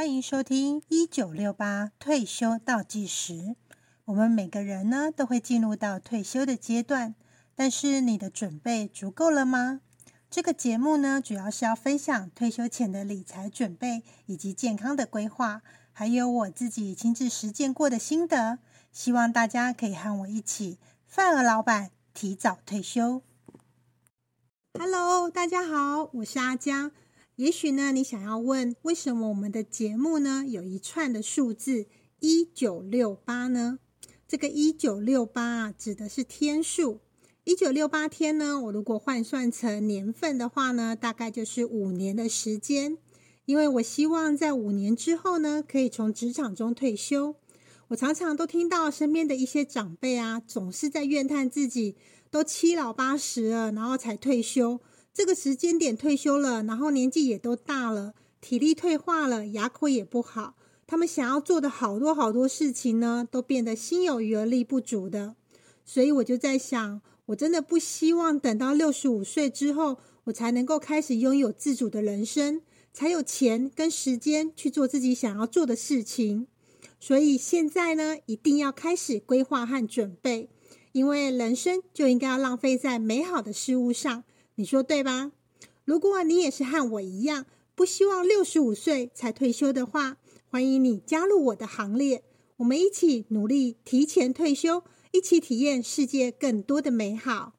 歡迎收聽一九六八退休倒計時。我們每個人呢都會進入到退休的階段，但是你的準備足夠了嗎？這個節目呢主要是要分享退休前的理財準備以及健康的規劃，還有我自己親自實踐過的心得，希望大家可以和我一起，範兒老闆提早退休。Hello，大家好，我是阿江。也許呢，你想要問，為什麼我們的節目呢有一串的數字一九六八呢？這個一九六八啊指的是天數，一九六八天呢，我如果換算成年份的話呢，大概就是五年的時間。因為我希望在五年之後呢，可以從職場中退休。我常常都聽到身邊的一些長輩啊，總是在怨嘆自己都七老八十了，然後才退休。這個時間點退休了，然後年紀也都大了，體力退化了，牙口也不好。他們想要做的好多好多事情呢，都變得心有餘而力不足的。所以我就在想，我真的不希望等到六十五歲之後，我才能夠開始擁有自主的人生，才有錢跟時間去做自己想要做的事情。所以現在呢，一定要開始規劃和準備，因為人生就應該要浪費在美好的事物上。你說對吧？如果你也是和我一樣，不希望六十五歲才退休的話，歡迎你加入我的行列，我們一起努力提前退休，一起體驗世界更多的美好。